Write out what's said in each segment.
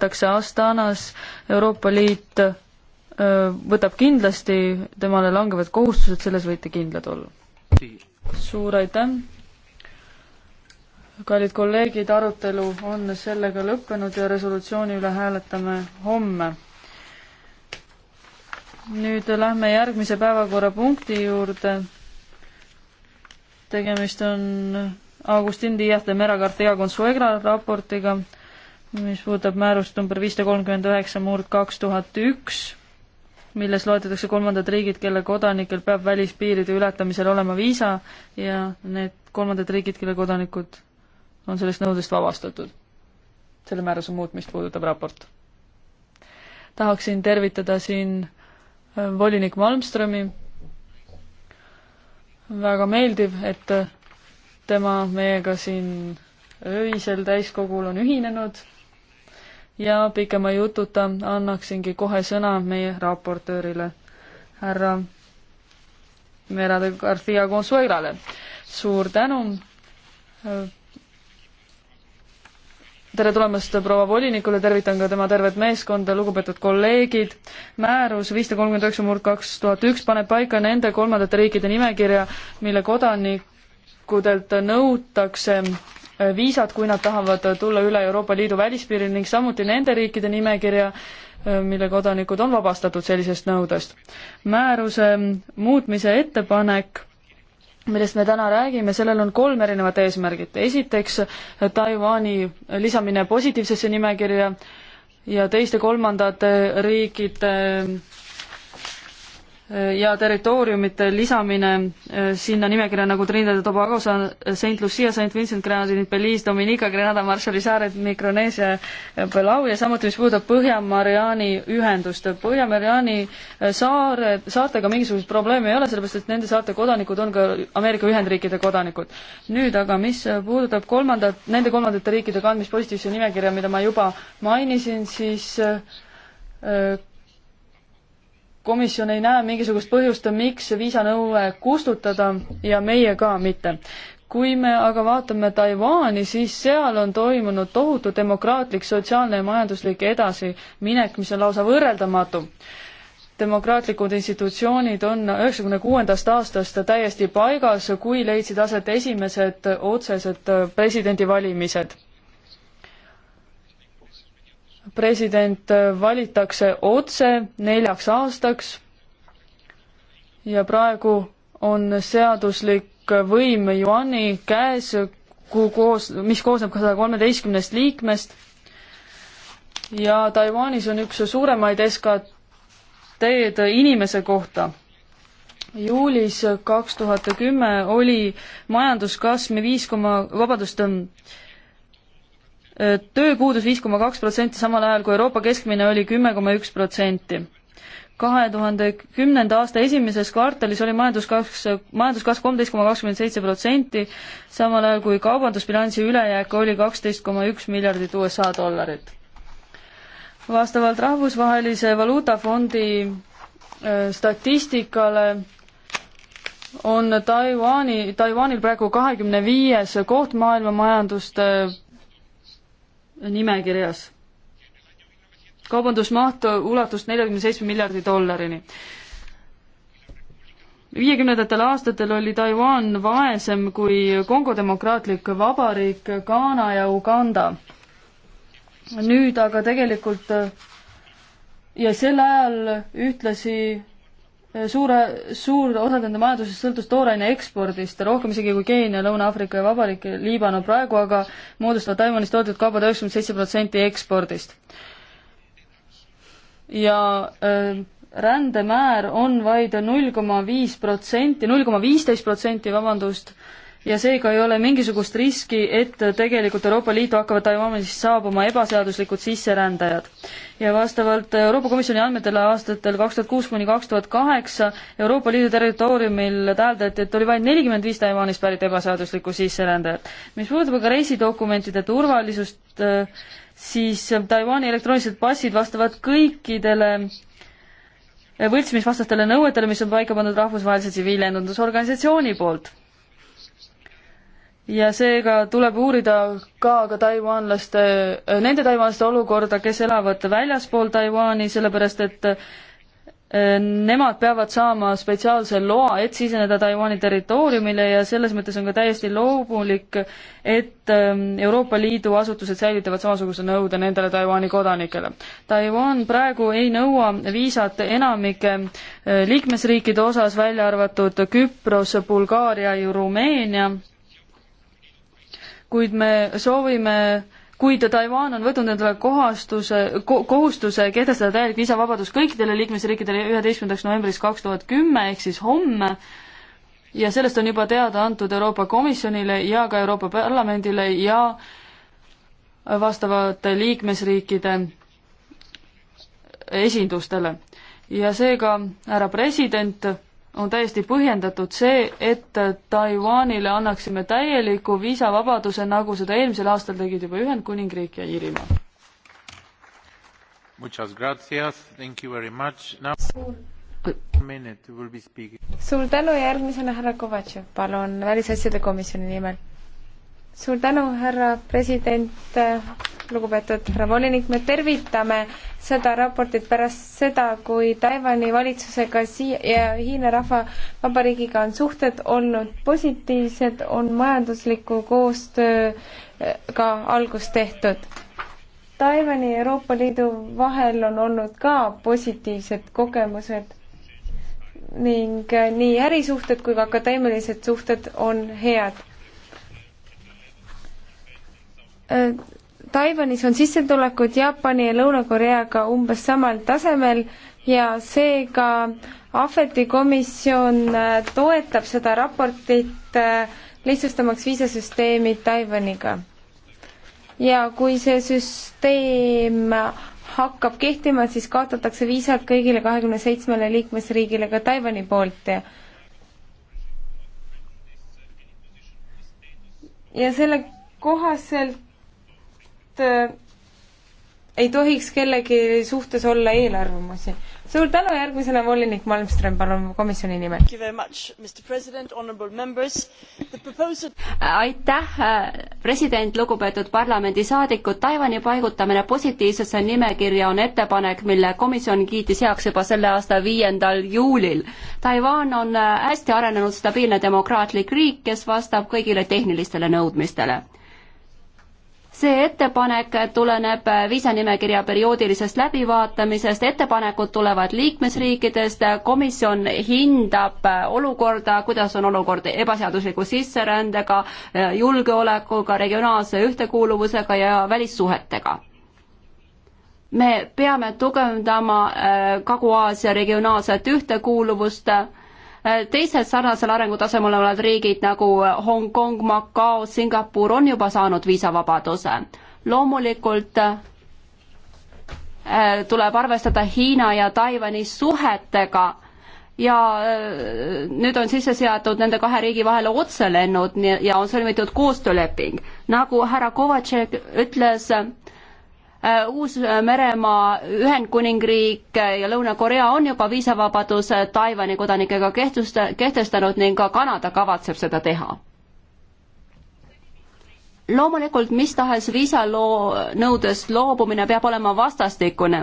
antakse Astanas, Euroopa Liit võtab kindlasti, temale langevad kohustused, selles võite kindlad olla. suur aitäh! kallid kolleegid, arutelu on sellega lõppenud ja resolutsiooni üle hääletame homme. nüüd lähme järgmise päevakorrapunkti juurde. tegemist on Agustin Diaz de Meragartega Consuegra raportiga mis puudutab määrust number viissada kolmkümmend üheksa murd kaks tuhat üks, milles loetletakse kolmandad riigid, kelle kodanikel peab välispiiride ületamisel olema viisa ja need kolmandad riigid, kelle kodanikud on sellest nõudest vabastatud. selle määruse muutmist puudutab raport. tahaksin tervitada siin äh, volinik Malmströmi, väga meeldiv, et äh, tema meiega siin öisel täiskogul on ühinenud ja pikema jututa annaksingi kohe sõna meie raportöörile, härra Merade Garcia Consuelale. suur tänu. tere tulemast proua volinikule, tervitan ka tema tervet meeskonda, lugupeetud kolleegid. määrus viissada kolmkümmend üheksa murd kaks tuhat üks paneb paika nende kolmandate riikide nimekirja, mille kodanikudelt nõutakse viisat, kui nad tahavad tulla üle Euroopa Liidu välispiiril ning samuti nende riikide nimekirja, mille kodanikud on vabastatud sellisest nõudest. määruse muutmise ettepanek millest me täna räägime, sellel on kolm erinevat eesmärgit. esiteks Taiwan'i lisamine positiivsesse nimekirja ja teiste kolmandate riikide ja territooriumite lisamine äh, sinna nimekirja nagu Trinidad ja Tobago, St Lucia, St Vincent, Grenadine, Belize, Dominica, Grenada, Marshalli saared, Mikroneesia, Palau ja samuti, mis puudutab Põhja-Mariani ühendust. Põhja-Mariani äh, saare, saartega mingisugust probleemi ei ole, sellepärast et nende saarte kodanikud on ka Ameerika Ühendriikide kodanikud. nüüd aga, mis puudutab kolmandat, nende kolmandate riikide kandmist positiivse nimekirja, mida ma juba mainisin, siis äh, komisjon ei näe mingisugust põhjust, miks viisanõue kustutada ja meie ka mitte. kui me aga vaatame Taiwan'i, siis seal on toimunud tohutu demokraatlik, sotsiaalne ja majanduslik edasiminek, mis on lausa võrreldamatu demokraatlikud institutsioonid on üheksakümne kuuendast aastast täiesti paigas, kui leidsid aset esimesed otsesed presidendivalimised president valitakse otse neljaks aastaks ja praegu on seaduslik võim Juani käes, kuhu koos, mis koosneb ka saja kolmeteistkümnest liikmest ja Taiwanis on üks suuremaid SKT-d inimese kohta juulis kaks tuhat kümme oli majanduskasv viis koma, vabandust, tööpuudus viis koma kaks protsenti, samal ajal kui Euroopa keskmine oli kümme koma üks protsenti. kahe tuhande kümnenda aasta esimeses kvartalis oli majanduskasv, majanduskasv kolmteist koma kakskümmend seitse protsenti, samal ajal kui kaubandusbilansi ülejääk oli kaksteist koma üks miljardit USA dollarit. vastavalt Rahvusvahelise Valuutafondi äh, statistikale on Taiwani, Taiwanil praegu kahekümne viies koht maailma majanduste nimekirjas. kaubandusmaht ulatus neljakümne seitsme miljardi dollarini. viiekümnendatel aastatel oli Taiwan vaesem kui Kongo Demokraatlik Vabariik, Ghana ja Uganda. nüüd aga tegelikult ja sel ajal ühtlasi suure, suur osa nende majandusest sõltus tooraine ekspordist, rohkem isegi kui Keenia, Lõuna-Aafrika ja Vabariik Liibanon praegu, aga moodustavad Taiwanis toodetud kaubad üheksakümmend seitse protsenti ekspordist. ja äh, rändemäär on vaid null koma viis protsenti, null koma viisteist protsenti, vabandust äh,, ja seega ei ole mingisugust riski, et tegelikult Euroopa Liitu hakkavad Taiwanis saabuma ebaseaduslikud sisserändajad. ja vastavalt Euroopa Komisjoni andmetele aastatel kaks tuhat kuus kuni kaks tuhat kaheksa Euroopa Liidu territooriumil täheldati, et oli vaid nelikümmend viis Taiwanist pärit ebaseaduslikku sisserändajat. mis puudutab aga reisidokumentide turvalisust, siis Taiwan'i elektroonilised passid vastavad kõikidele võltsimisvastastele nõuetele, mis on paika pandud rahvusvahelise tsiviillennundusorganisatsiooni poolt ja seega tuleb uurida ka ka taiwanlaste, nende taiwanlaste olukorda, kes elavad väljaspool Taiwan'i, sellepärast et eh, nemad peavad saama spetsiaalse loa, et siseneda Taiwan'i territooriumile ja selles mõttes on ka täiesti loomulik, et eh, Euroopa Liidu asutused säilitavad samasuguse nõude nendele Taiwan'i kodanikele. Taiwan praegu ei nõua viisat enamike eh, liikmesriikide osas, välja arvatud Küpros, Bulgaaria ja Rumeenia kuid me soovime kuid Taiwan on võtnud endale kohastuse ko, kohustuse kehtestada täielik viisavabadus kõikidele liikmesriikidele üheteistkümnendaks novembriks kaks tuhat kümme ehk siis homme ja sellest on juba teada antud Euroopa Komisjonile ja ka Euroopa Parlamendile ja vastavate liikmesriikide esindustele. ja seega, härra president, on täiesti põhjendatud see, et Taiwanile annaksime täieliku viisavabaduse, nagu seda eelmisel aastal tegid juba Ühendkuningriik ja Iirimaa. suur tänu, järgmisena härra Kovatšev, palun, välisasjade komisjoni nimel suur tänu, härra president, lugupeetud härra volinik, me tervitame seda raportit pärast seda, kui Taiwan'i valitsusega sii- ja Hiina Rahvavabariigiga on suhted olnud positiivsed, on majandusliku koostööga algust tehtud. Taiwan'i ja Euroopa Liidu vahel on olnud ka positiivsed kogemused ning nii ärisuhted kui ka akadeemilised suhted on head Äh, Taiwanis on sissetulekud Jaapani ja Lõuna-Koreaga umbes samal tasemel ja seega Ahveti komisjon äh, toetab seda raportit äh, lihtsustamaks viisasüsteemi Taiwaniga. ja kui see süsteem hakkab kehtima, siis kaotatakse viisad kõigile kahekümne seitsmele liikmesriigile ka Taiwan'i poolt ja ja selle kohaselt et äh, ei tohiks kellegi suhtes olla eelarvamusi. suur tänu, järgmisena volinik Malmström, palun komisjoni nimel. aitäh, äh, president, lugupeetud parlamendisaadikud, Taiwan'i paigutamine positiivsesse nimekirja on ettepanek, mille komisjon kiitis heaks juba selle aasta viiendal juulil. Taiwan on äh, hästi arenenud stabiilne demokraatlik riik, kes vastab kõigile tehnilistele nõudmistele see ettepanek tuleneb viisanimekirja perioodilisest läbivaatamisest, ettepanekud tulevad liikmesriikidest, komisjon hindab olukorda, kuidas on olukord ebaseadusliku sisserändega, julgeolekuga, regionaalse ühtekuuluvusega ja välissuhetega me peame tugevdama Kagu-Aasia regionaalset ühtekuuluvust Äh, teised sarnasel arengutasemel olevad riigid nagu äh, Hongkong, Macao, Singapur on juba saanud viisavabaduse. loomulikult äh, tuleb arvestada Hiina ja Taiwan'i suhetega ja nüüd on sisse seatud nende kahe riigi vahele otselennud ja on sõlmitud koostööleping. nagu härra Kovatšek ütles, Äh, Uus-Meremaa, äh, Ühendkuningriik ja Lõuna-Korea on juba viisavabaduse äh, Taiwan'i kodanikega kehtust-, kehtestanud ning ka Kanada kavatseb seda teha loomulikult mis tahes viisaloo nõudest loobumine peab olema vastastikune.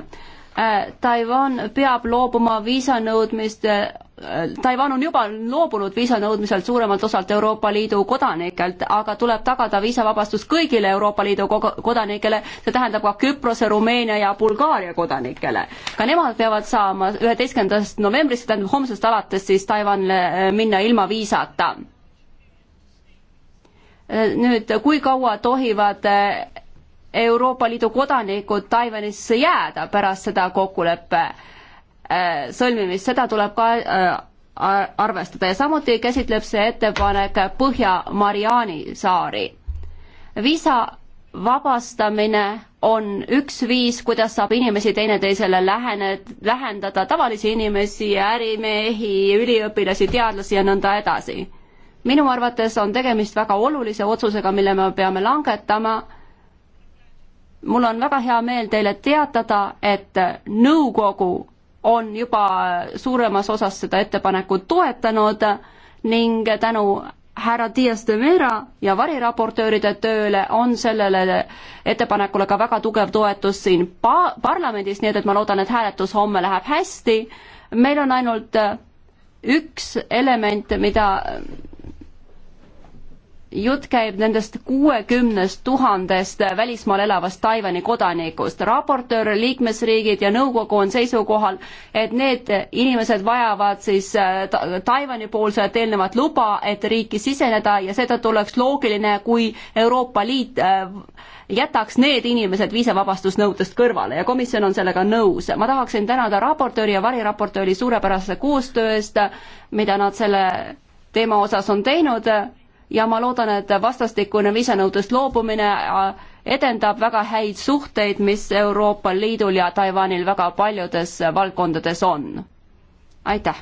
Äh, Taiwan peab loobuma viisanõudmiste, äh, Taiwan on juba loobunud viisanõudmiselt suuremalt osalt Euroopa Liidu kodanikelt, aga tuleb tagada viisavabastus kõigile Euroopa Liidu kodanikele, see tähendab ka Küprose, Rumeenia ja Bulgaaria kodanikele. ka nemad peavad saama üheteistkümnendast novembrist, tähendab homsest alates siis Taiwanile äh, minna ilma viisata. nüüd, kui kaua tohivad Euroopa Liidu kodanikud Taiwanisse jääda pärast seda kokkuleppe äh, sõlmimist, seda tuleb ka äh, arvestada ja samuti käsitleb see ettepanek Põhja-Mariani saari. viisa vabastamine on üks viis, kuidas saab inimesi teineteisele lähene, lähendada, tavalisi inimesi, ärimehi, üliõpilasi, teadlasi ja nõnda edasi. minu arvates on tegemist väga olulise otsusega, mille me peame langetama mul on väga hea meel teile teatada, et nõukogu on juba suuremas osas seda ettepanekut toetanud ning tänu härra Dias de Mera ja variraportööride tööle on sellele ettepanekule ka väga tugev toetus siin pa-, parlamendis, nii et, et ma loodan, et hääletus homme läheb hästi. meil on ainult üks element, mida jutt käib nendest kuuekümnest tuhandest välismaal elavast Taiwan'i kodanikust. raportöör, liikmesriigid ja nõukogu on seisukohal, et need inimesed vajavad siis äh, Taiwan'i poolset eelnevat luba, et riiki siseneda ja seetõttu oleks loogiline, kui Euroopa Liit äh, jätaks need inimesed viisavabastusnõudest kõrvale ja komisjon on sellega nõus. ma tahaksin tänada raportööri ja variraportööri suurepärase koostöö eest, mida nad selle teema osas on teinud ja ma loodan, et vastastikune viisanõudest loobumine äh, edendab väga häid suhteid, mis Euroopa Liidul ja Taiwanil väga paljudes valdkondades on. aitäh!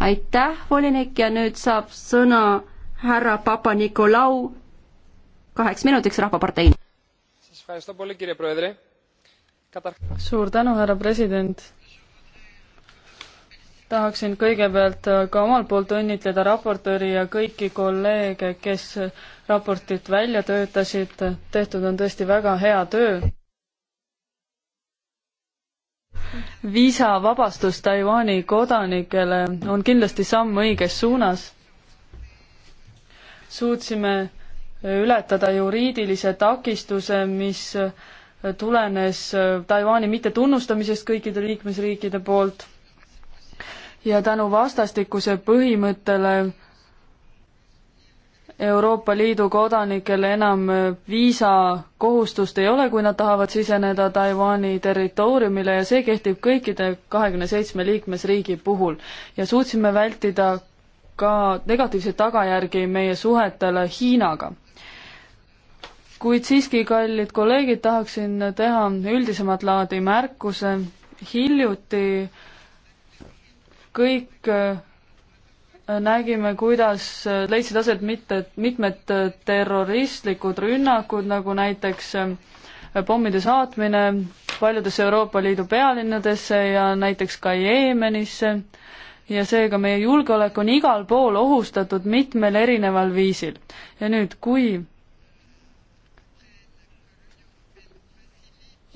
aitäh, volinik ja nüüd saab sõna härra Papa-Nikolau kaheks minutiks Rahvapartei. suur tänu, härra president tahaksin kõigepealt äh, ka omalt poolt õnnitleda raportööri ja kõiki kolleege, kes raportit välja töötasid, tehtud on tõesti väga hea töö. viisavabastus Taiwan'i kodanikele on kindlasti samm õiges suunas. suutsime äh, ületada juriidilise takistuse, mis äh, tulenes Taiwan'i mittetunnustamisest kõikide liikmesriikide poolt ja tänu vastastikuse põhimõttele Euroopa Liidu kodanikel enam viisakohustust ei ole, kui nad tahavad siseneda Taiwan'i territooriumile ja see kehtib kõikide kahekümne seitsme liikmesriigi puhul. ja suutsime vältida ka negatiivseid tagajärgi meie suhetele Hiinaga. kuid siiski, kallid kolleegid, tahaksin teha üldisemat laadi märkuse. hiljuti äh, kõik äh, nägime, kuidas äh, leidsid aset mitte, mitmed äh, terroristlikud rünnakud, nagu näiteks pommide saatmine paljudesse Euroopa Liidu pealinnadesse ja näiteks ka Jeemenisse ja seega meie julgeolek on igal pool ohustatud mitmel erineval viisil. ja nüüd, kui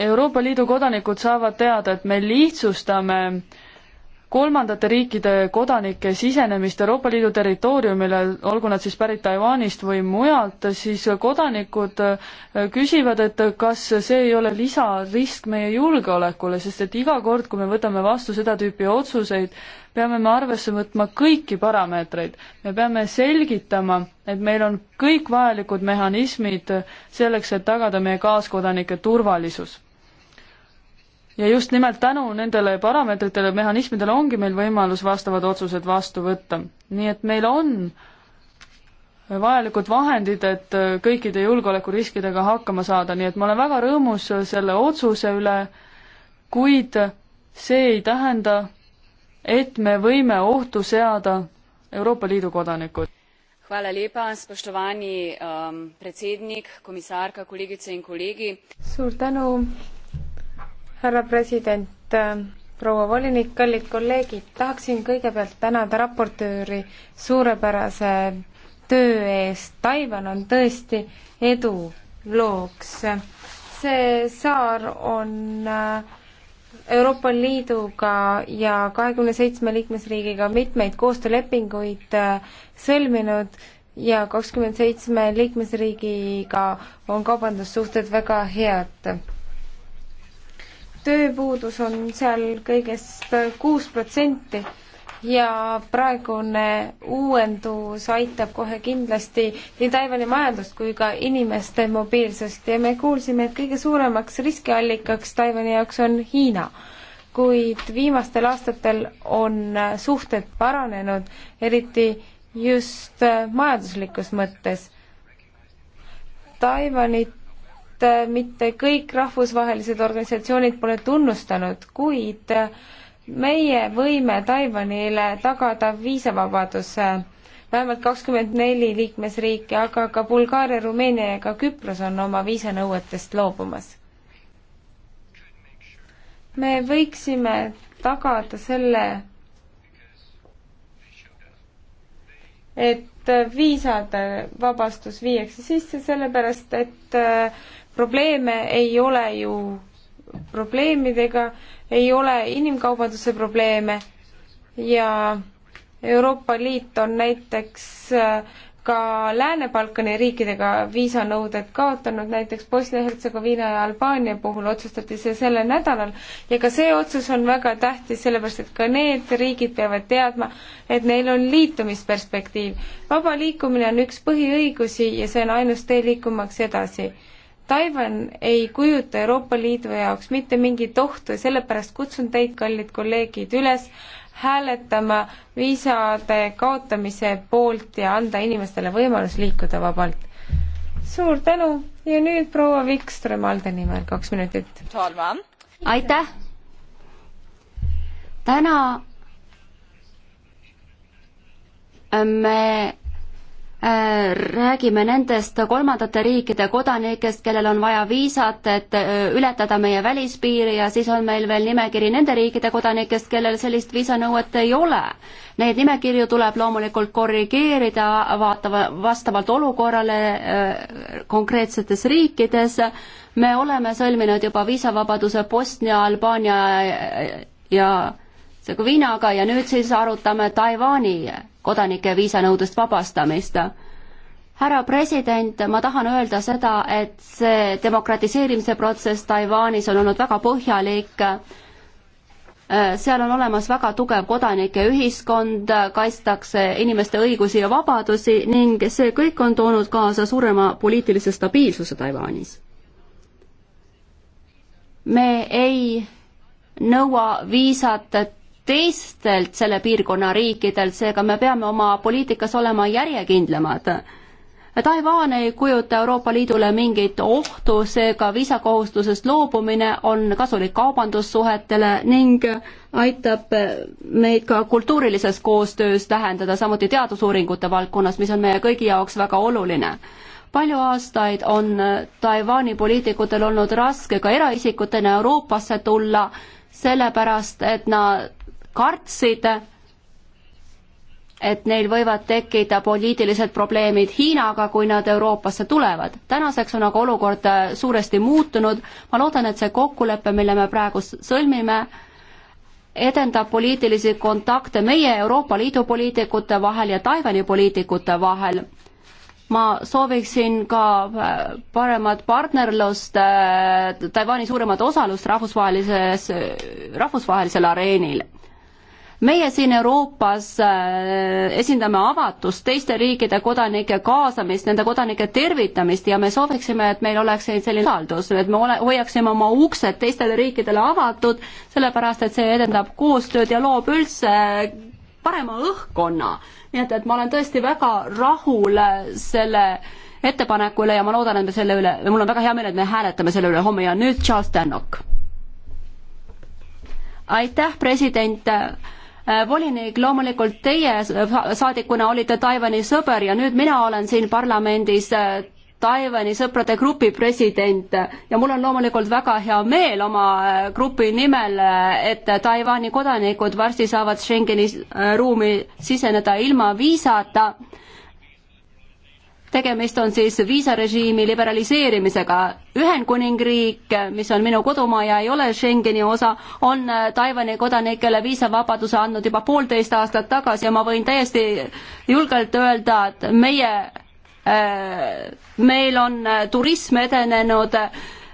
Euroopa Liidu kodanikud saavad teada, et me lihtsustame äh, kolmandate riikide kodanike sisenemist Euroopa Liidu territooriumile, olgu nad siis pärit Taiwanist või mujalt, siis kodanikud äh, küsivad, et kas see ei ole lisarisk meie julgeolekule, sest et iga kord, kui me võtame vastu seda tüüpi otsuseid, peame me arvesse võtma kõiki parameetreid. me peame selgitama, et meil on kõik vajalikud mehhanismid selleks, et tagada meie kaaskodanike turvalisus ja just nimelt tänu nendele parameetritele, mehhanismidele ongi meil võimalus vastavad otsused vastu võtta. nii et meil on vajalikud vahendid, et kõikide julgeolekuriskidega hakkama saada, nii et ma olen väga rõõmus selle otsuse üle, kuid see ei tähenda, et me võime ohtu seada Euroopa Liidu kodanikud. Hvala lepa, spoštovani um, predsednik, komisarka, kolegice in kolegi. suur tänu, härra president, äh, proua volinik, kallid kolleegid, tahaksin kõigepealt tänada raportööri suurepärase töö eest. Taiwan on tõesti edulooks. see saar on äh, Euroopa Liiduga ja kahekümne seitsme liikmesriigiga mitmeid koostöölepinguid äh, sõlminud ja kakskümmend seitsme liikmesriigiga on kaubandussuhted väga head tööpuudus on seal kõigest kuus protsenti ja praegune uuendus aitab kohe kindlasti nii Taiwan'i majandust kui ka inimeste mobiilsust ja me kuulsime, et kõige suuremaks riskiallikaks Taiwan'i jaoks on Hiina. kuid viimastel aastatel on suhted paranenud, eriti just majanduslikus mõttes. Taiwan'it et äh, mitte kõik rahvusvahelised organisatsioonid pole tunnustanud, kuid äh, meie võime Taiwanile tagada viisavabaduse vähemalt kakskümmend neli liikmesriiki, aga ka Bulgaaria, Rumeenia ja ka Küpros on oma viisanõuetest loobumas. me võiksime tagada selle, et viisade vabastus viiakse sisse, sellepärast et äh, probleeme ei ole ju probleemidega, ei ole inimkaubanduse probleeme ja Euroopa Liit on näiteks äh, ka Lääne-Balkani riikidega viisanõuded kaotanud, näiteks Bosnia-Hertsegoviina ja Albaania puhul otsustati see sellel nädalal ja ka see otsus on väga tähtis, sellepärast et ka need riigid peavad teadma, et neil on liitumisperspektiiv. vaba liikumine on üks põhiõigusi ja see on ainus tee liikumaks edasi Taiwan ei kujuta Euroopa Liidu jaoks mitte mingit ohtu ja sellepärast kutsun teid, kallid kolleegid, üles hääletama viisade kaotamise poolt ja anda inimestele võimalus liikuda vabalt. suur tänu ja nüüd proua Vikström Alde nimel kaks minutit. aitäh! täna ähm, me Äh, räägime nendest kolmandate riikide kodanikest, kellel on vaja viisat, et äh, ületada meie välispiiri ja siis on meil veel nimekiri nende riikide kodanikest, kellel sellist viisanõuet ei ole. Neid nimekirju tuleb loomulikult korrigeerida, vaatava, vastavalt olukorrale äh, konkreetsetes riikides. me oleme sõlminud juba viisavabaduse Bosnia, Albaania ja Segoviinaga ja nüüd siis arutame Taiwani kodanike viisanõudest vabastamist. härra president, ma tahan öelda seda, et see demokratiseerimise protsess Taiwanis on olnud väga põhjalik seal on olemas väga tugev kodanike ühiskond, kaitstakse inimeste õigusi ja vabadusi ning see kõik on toonud kaasa suurema poliitilise stabiilsuse Taiwanis. me ei nõua viisat teistelt selle piirkonna riikidelt, seega me peame oma poliitikas olema järjekindlamad. Taiwan ei kujuta Euroopa Liidule mingit ohtu, seega viisakohustusest loobumine on kasulik kaubandussuhetele ning aitab meid ka kultuurilises koostöös tähendada, samuti teadusuuringute valdkonnas, mis on meie kõigi jaoks väga oluline palju aastaid on Taiwan'i poliitikutel olnud raske ka eraisikutena Euroopasse tulla, sellepärast et nad kartsid, et neil võivad tekkida poliitilised probleemid Hiinaga, kui nad Euroopasse tulevad. tänaseks on aga olukord äh, suuresti muutunud, ma loodan, et see kokkulepe, mille me praegu sõlmime, edendab poliitilisi kontakte meie Euroopa Liidu poliitikute vahel ja Taiwan'i poliitikute vahel. ma sooviksin ka äh, paremat partnerlust, äh, Taiwan'i suuremat osalust rahvusvahelises, rahvusvahelisel areenil meie siin Euroopas äh, esindame avatust, teiste riikide kodanike kaasamist, nende kodanike tervitamist ja me sooviksime, et meil oleks selline usaldus, et me ole, hoiaksime oma uksed teistele riikidele avatud, sellepärast et see edendab koostööd ja loob üldse parema õhkkonna. nii et, et ma olen tõesti väga rahul äh, selle ettepaneku üle ja ma loodan, et me selle üle, mul on väga hea meel, et me hääletame selle üle homme ja nüüd Charles Tannock. aitäh, president Äh, volinik, loomulikult teie saadikuna olite Taiwan'i sõber ja nüüd mina olen siin parlamendis äh, Taiwan'i sõprade grupi president ja mul on loomulikult väga hea meel oma äh, grupi nimel, et Taiwan'i kodanikud varsti saavad Schengeni ruumi siseneda ilma viisata tegemist on siis viisarežiimi liberaliseerimisega. Ühendkuningriik, mis on minu kodumaa ja ei ole Schengeni osa, on äh, Taiwan'i kodanikele viisavabaduse andnud juba poolteist aastat tagasi ja ma võin täiesti julgelt öelda, et meie äh,, meil on äh, turism edenenud äh,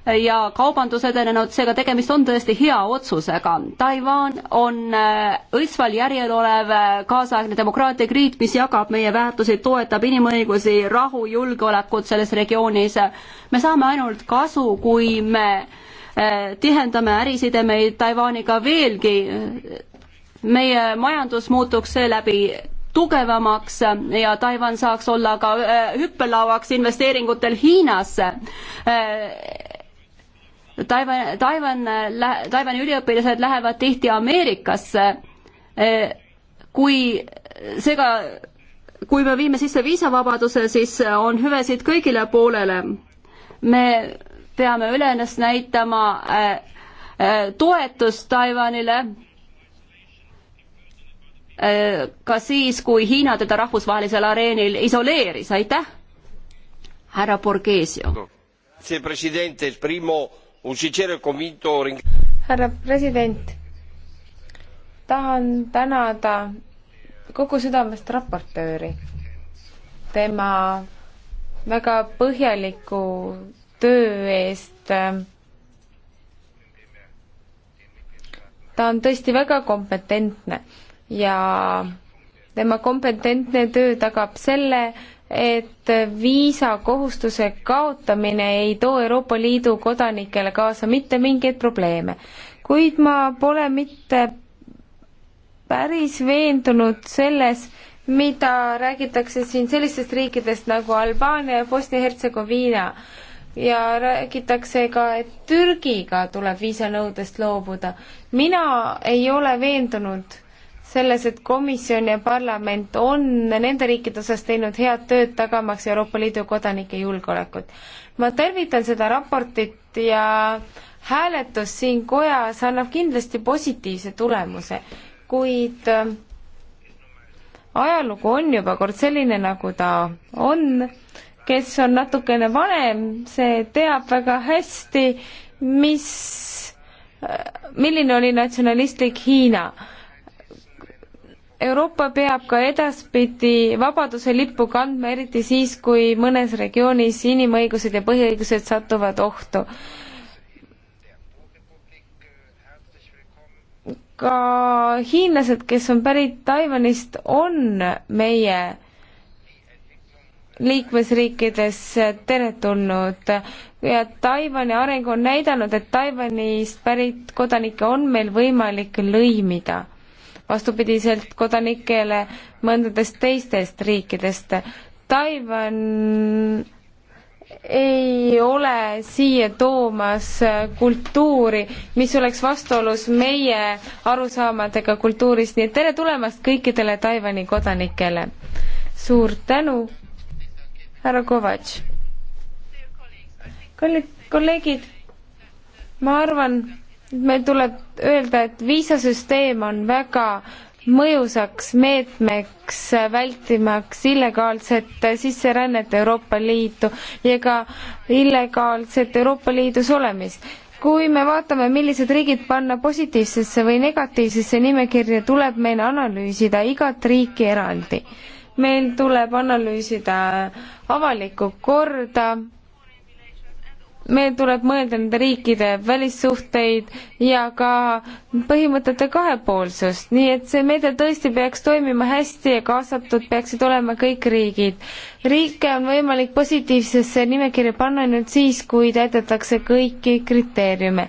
ja kaubandus edenenud, seega tegemist on tõesti hea otsusega. Taiwan on õisval äh, järjel olev äh, kaasaegne demokraatlik riik, mis jagab meie väärtusi, toetab inimõigusi, rahu, julgeolekut selles regioonis. me saame ainult kasu, kui me äh, tihendame ärisidemeid Taiwaniga veelgi. meie majandus muutuks seeläbi tugevamaks ja Taiwan saaks olla ka hüppelauaks investeeringutel Hiinasse Taiwan, Taiwan, Taiwan'i üliõpilased lähevad tihti Ameerikasse. Eh, kui seega, kui me viime sisse viisavabaduse, siis on hüvesid kõigile poolele. me peame ülenes näitama eh, eh, toetust Taiwanile ka siis, kui Hiina teda rahvusvahelisel areenil isoleeris, aitäh, härra Borghesio. Grazie Presidente, il primo härra president, tahan tänada kogu südamest raportööri tema väga põhjaliku töö eest. ta on tõesti väga kompetentne ja tema kompetentne töö tagab selle, et viisakohustuse kaotamine ei too Euroopa Liidu kodanikele kaasa mitte mingeid probleeme. kuid ma pole mitte päris veendunud selles, mida räägitakse siin sellistest riikidest nagu Albaania ja Bosnia-Hertsegoviina ja räägitakse ka, et Türgiga tuleb viisanõudest loobuda. mina ei ole veendunud selles, et komisjon ja parlament on nende riikide osas teinud head tööd, tagamaks Euroopa Liidu kodanike julgeolekut. ma tervitan seda raportit ja hääletus siin kojas annab kindlasti positiivse tulemuse, kuid äh, ajalugu on juba kord selline, nagu ta on, kes on natukene vanem, see teab väga hästi, mis, äh, milline oli natsionalistlik Hiina Euroopa peab ka edaspidi vabaduse lippu kandma, eriti siis, kui mõnes regioonis inimõigused ja põhiõigused satuvad ohtu. ka hiinlased, kes on pärit Taiwanist, on meie liikmesriikides teretulnud ja Taiwan'i areng on näidanud, et Taiwan'ist pärit kodanikke on meil võimalik lõimida vastupidiselt kodanikele mõndadest teistest riikidest. Taiwan ei ole siia toomas kultuuri, mis oleks vastuolus meie arusaamadega kultuurist, nii et tere tulemast kõikidele Taiwan'i kodanikele. suur tänu, härra Kovatš. kallid kolleegid, ma arvan, meil tuleb öelda, et viisasüsteem on väga mõjusaks meetmeks vältimaks illegaalset sisserännet Euroopa Liitu ja ka illegaalset Euroopa Liidus olemist. kui me vaatame, millised riigid panna positiivsesse või negatiivsesse nimekirja, tuleb meil analüüsida igat riiki eraldi. meil tuleb analüüsida avalikku korda, meil tuleb mõelda nende riikide välissuhteid ja ka põhimõtete kahepoolsust, nii et see meede tõesti peaks toimima hästi ja kaasatud peaksid olema kõik riigid. riike on võimalik positiivsesse nimekirja panna ainult siis, kui täidetakse kõiki kriteeriume.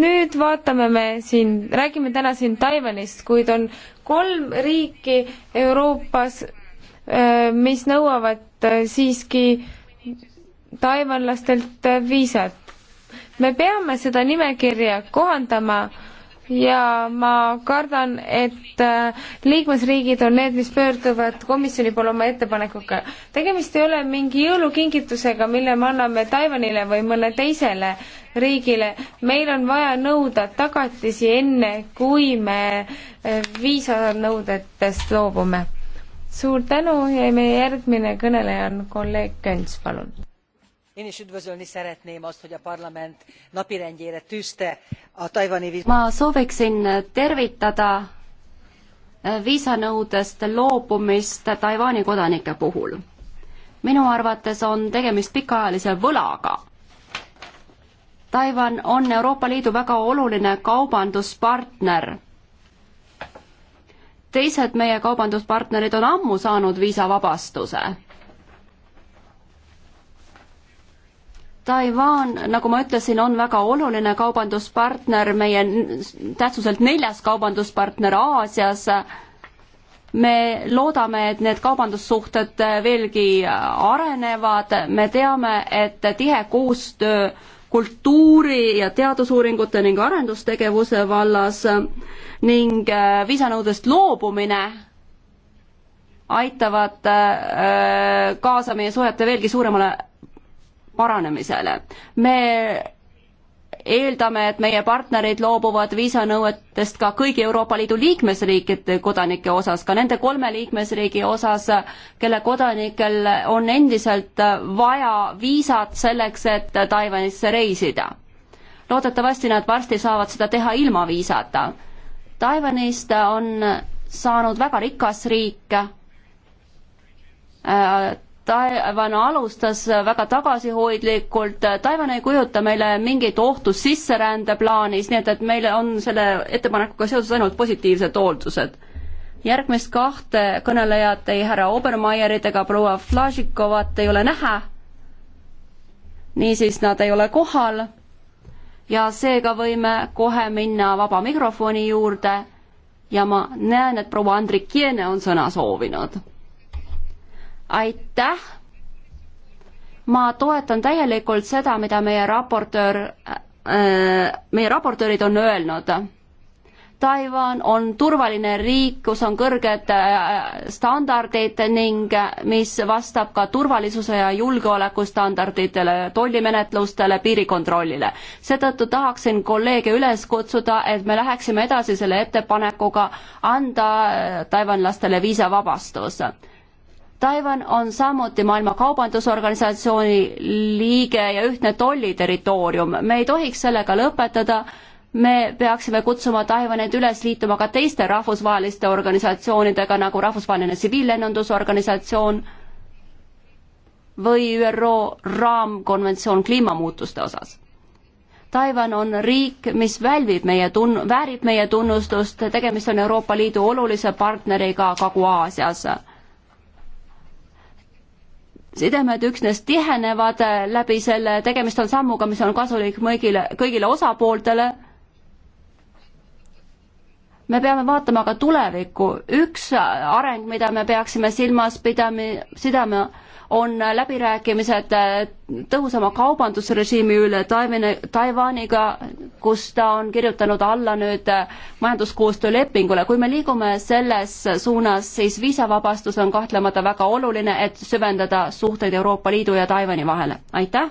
nüüd vaatame me siin, räägime täna siin Taiwanist, kuid on kolm riiki Euroopas, mis nõuavad äh, siiski taiwanlastelt viisat. me peame seda nimekirja kohandama ja ma kardan, et äh, liikmesriigid on need, mis pöörduvad komisjoni poole oma ettepanekuga. tegemist ei ole mingi jõulukingitusega, mille me anname Taiwanile või mõne teisele riigile. meil on vaja nõuda tagatisi enne, kui me äh, viisanõudetest loobume. suur tänu ja meie järgmine kõneleja on kolleeg Köns, palun én is üdvözölni szeretném azt hogy a parlament napirendjére tűzte a tajvani ma sooviksin tervitada eh, viisanõudest loobumist Taiwani kodanike puhul. minu arvates on tegemist pikaajalise võlaga. Taiwan on Euroopa Liidu väga oluline kaubanduspartner. teised meie kaubanduspartnerid on ammu saanud viisavabastuse Taiwan, nagu ma ütlesin, on väga oluline kaubanduspartner, meie tähtsuselt neljas kaubanduspartner Aasias. me loodame, et need kaubandussuhted veelgi arenevad, me teame, et tihe koostöö kultuuri ja teadusuuringute ning arendustegevuse vallas ning äh, viisanõudest loobumine aitavad äh, kaasa meie suhete veelgi suuremale paranemisele. me eeldame, et meie partnerid loobuvad viisanõuetest ka kõigi Euroopa Liidu liikmesriikide kodanike osas, ka nende kolme liikmesriigi osas, kelle kodanikel on endiselt vaja viisat selleks, et Taiwanisse reisida. loodetavasti nad varsti saavad seda teha ilma viisata. Taiwanist on saanud väga rikas riik äh,, Taiwan alustas väga tagasihoidlikult, Taiwan ei kujuta meile mingit ohtu sisserände plaanis, nii et, et meil on selle ettepanekuga seoses ainult positiivsed hooldused. järgmist kahte kõnelejat ei härra Obermeierit ega proua Flašikovat ei ole näha, niisiis nad ei ole kohal ja seega võime kohe minna vaba mikrofoni juurde ja ma näen, et proua Andrikiene on sõna soovinud aitäh! ma toetan täielikult seda, mida meie raportöör äh,, meie raportöörid on öelnud. Taiwan on turvaline riik, kus on kõrged äh, standardid ning äh, mis vastab ka turvalisuse ja julgeoleku standarditele, tollimenetlustele, piirikontrollile. seetõttu tahaksin kolleege üles kutsuda, et me läheksime edasi selle ettepanekuga anda äh, taiwanlastele viisavabastus Taiwan on samuti Maailma Kaubandusorganisatsiooni liige ja ühtne tolliterritoorium. me ei tohiks sellega lõpetada, me peaksime kutsuma Taiwanit üles liituma ka teiste rahvusvaheliste organisatsioonidega, nagu Rahvusvaheline Tsiviillennundusorganisatsioon või ÜRO raamkonventsioon kliimamuutuste osas. Taiwan on riik, mis välvib meie tun-, väärib meie tunnustust, tegemist on Euroopa Liidu olulise partneriga Kagu-Aasias sidemed üksnes tihenevad äh, läbi selle, tegemist on sammuga, mis on kasulik mõigile, kõigile osapooltele. me peame vaatama ka tulevikku, üks areng, mida me peaksime silmas pidama, sidama, on läbirääkimised äh, tõhusama kaubandusrežiimi üle Taimine, Taiwaniga, kus ta on kirjutanud alla nüüd äh, majanduskoostöö lepingule. kui me liigume selles suunas, siis viisavabastus on kahtlemata väga oluline, et süvendada suhteid Euroopa Liidu ja Taiwani vahele. aitäh,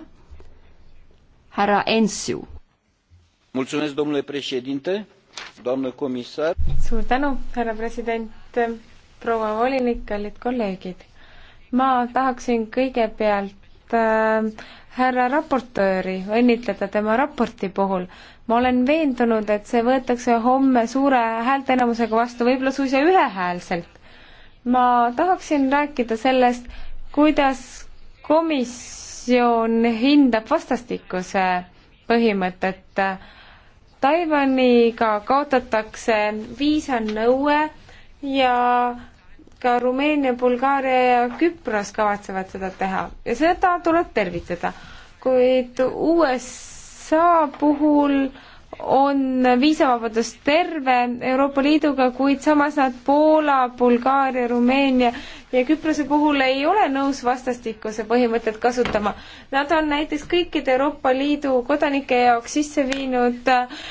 härra Ensiu. suur tänu, härra president, proua volinik, kallid kolleegid ma tahaksin kõigepealt äh, härra raportööri õnnitleda tema raporti puhul. ma olen veendunud, et see võetakse homme suure häälteenamusega vastu, võib-olla suisa ühehäälselt. ma tahaksin rääkida sellest, kuidas komisjon hindab vastastikuse põhimõtet. Taiwaniga kaotatakse viisanõue ja ka Rumeenia, Bulgaaria ja Küpros kavatsevad seda teha ja seda tuleb tervitada. kuid USA puhul on viisavabadus terve Euroopa Liiduga, kuid samas nad Poola, Bulgaaria, Rumeenia ja Küprose puhul ei ole nõus vastastikuse põhimõtet kasutama. Nad on näiteks kõikide Euroopa Liidu kodanike jaoks sisse viinud äh,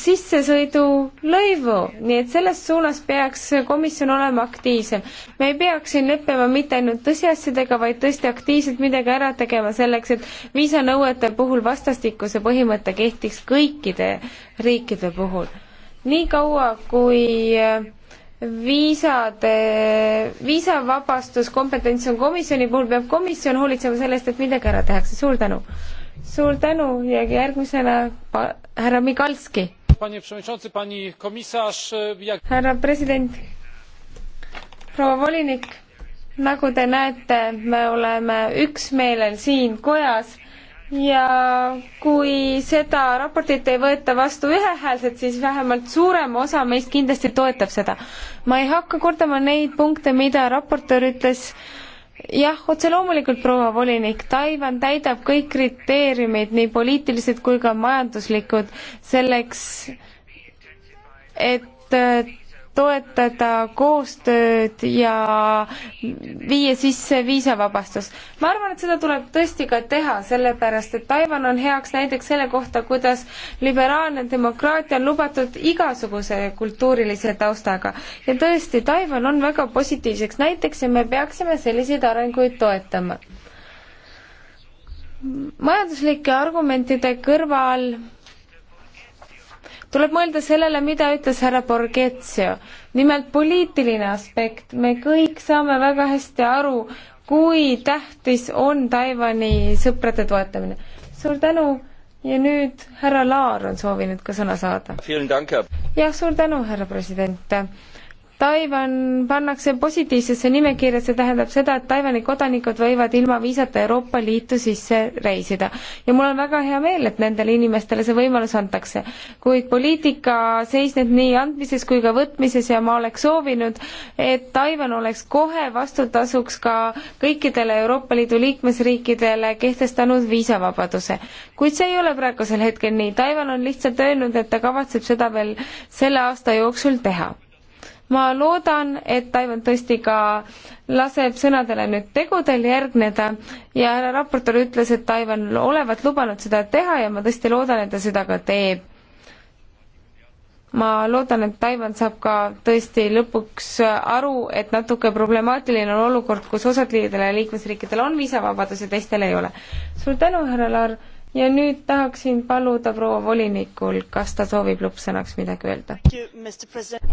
sissesõidulõivu, nii et selles suunas peaks komisjon olema aktiivsem. me ei peaks siin leppima mitte ainult tõsiasjadega, vaid tõesti aktiivselt midagi ära tegema selleks, et viisanõuete puhul vastastikuse põhimõte kehtiks kõikide riikide puhul. nii kaua, kui äh, viisade, viisavabastuskompetents on komisjoni puhul, peab komisjon hoolitsema selle eest, et midagi ära tehakse, suur tänu. suur tänu ja järgmisena härra Migalski. härra president, proua volinik, nagu te näete, me oleme üksmeelel siin kojas ja kui seda raportit ei võeta vastu ühehäälselt, siis vähemalt suurem osa meist kindlasti toetab seda. ma ei hakka kordama neid punkte, mida raportöör ütles, jah, otse loomulikult, proua volinik, Taiwan täidab kõik kriteeriumid, nii poliitilised kui ka majanduslikud, selleks et toetada koostööd ja viia sisse viisavabastus. ma arvan, et seda tuleb tõesti ka teha, sellepärast et Taiwan on heaks näiteks selle kohta, kuidas liberaalne demokraatia on lubatud igasuguse kultuurilise taustaga. ja tõesti, Taiwan on väga positiivseks näiteks ja me peaksime selliseid arenguid toetama majanduslike argumentide kõrval tuleb mõelda sellele, mida ütles härra Borghezio. nimelt poliitiline aspekt, me kõik saame väga hästi aru, kui tähtis on Taiwan'i sõprade toetamine. suur tänu ja nüüd härra Laar on soovinud ka sõna saada. jah, suur tänu, härra president Taiwan pannakse positiivsesse nimekirja, see tähendab seda, et Taiwan'i kodanikud võivad ilma viisata Euroopa Liitu sisse reisida. ja mul on väga hea meel, et nendele inimestele see võimalus antakse. kuid poliitika seisneb nii andmises kui ka võtmises ja ma oleks soovinud, et Taiwan oleks kohe vastutasuks ka kõikidele Euroopa Liidu liikmesriikidele kehtestanud viisavabaduse. kuid see ei ole praegusel hetkel nii, Taiwan on lihtsalt öelnud, et ta kavatseb seda veel selle aasta jooksul teha ma loodan, et Taiwan tõesti ka laseb sõnadele nüüd tegudel järgneda ja härra raportöör ütles, et Taiwan olevat lubanud seda teha ja ma tõesti loodan, et ta seda ka teeb. ma loodan, et Taiwan saab ka tõesti lõpuks aru, et natuke problemaatiline on olukord, kus osad liidrile ja liikmesriikidel on viisavabadus ja teistel ei ole. suur tänu, härra Laar ja nüüd tahaksin paluda proua volinikul, kas ta soovib lõppsõnaks midagi öelda.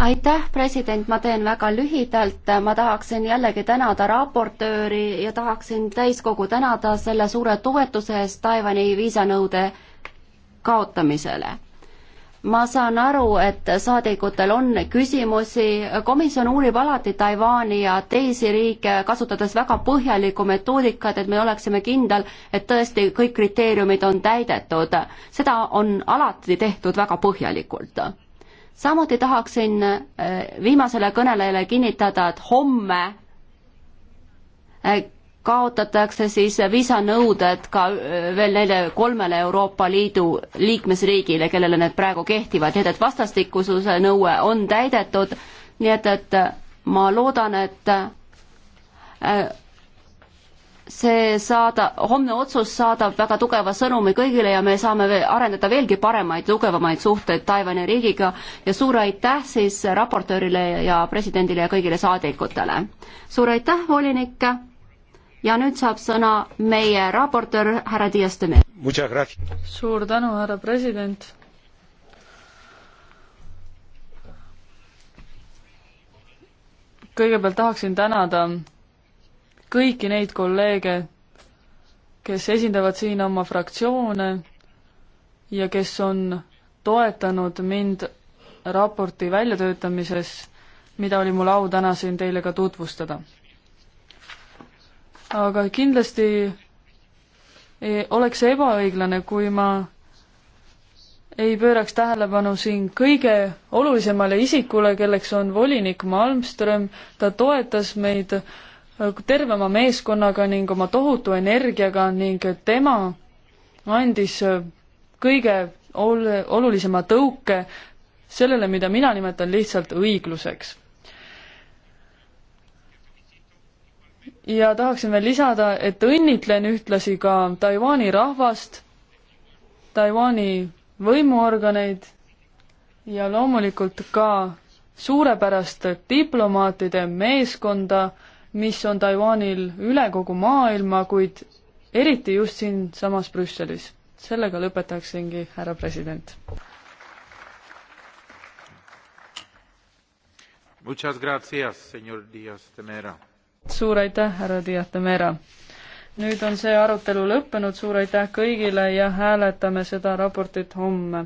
aitäh, president, ma teen väga lühidalt, ma tahaksin jällegi tänada raportööri ja tahaksin täiskogu tänada selle suure toetuse eest Taiwan'i viisanõude kaotamisele ma saan aru, et saadikutel on küsimusi, komisjon uurib alati Taiwan'i ja teisi riike, kasutades väga põhjalikku metoodikat, et me oleksime kindel, et tõesti kõik kriteeriumid on täidetud. seda on alati tehtud väga põhjalikult. samuti tahaksin eh, viimasele kõnelejale kinnitada, et homme eh, kaotatakse siis viisanõuded ka veel neile kolmele Euroopa Liidu liikmesriigile, kellele need praegu kehtivad, nii et, et vastastikususe nõue on täidetud, nii et, et ma loodan, et see saada, homne otsus saadab väga tugeva sõnumi kõigile ja me saame veel arendada veelgi paremaid, tugevamaid suhteid Taiwan'i riigiga ja suur aitäh siis raportöörile ja presidendile ja kõigile saadikutele. suur aitäh, volinik! ja nüüd saab sõna meie raportöör härra Dias de Mer. suur tänu, härra president. kõigepealt tahaksin tänada kõiki neid kolleege, kes esindavad siin oma fraktsioone ja kes on toetanud mind raporti väljatöötamises, mida oli mul au täna siin teile ka tutvustada aga kindlasti eh, oleks ebaõiglane, kui ma ei pööraks tähelepanu siin kõige olulisemale isikule, kelleks on volinik Malmström, ta toetas meid eh, terve oma meeskonnaga ning oma tohutu energiaga ning tema andis eh, kõige ol-, olulisema tõuke sellele, mida mina nimetan lihtsalt õigluseks. ja tahaksin veel lisada, et õnnitlen ühtlasi ka Taiwan'i rahvast, Taiwan'i võimuorganeid ja loomulikult ka suurepärast diplomaatide meeskonda, mis on Taiwanil üle kogu maailma, kuid eriti just siinsamas Brüsselis. sellega lõpetaksingi, härra president. Muchas gracias, senor Dias de Mera suur aitäh, härra Diatemera! nüüd on see arutelu lõppenud, suur aitäh kõigile ja hääletame seda raportit homme.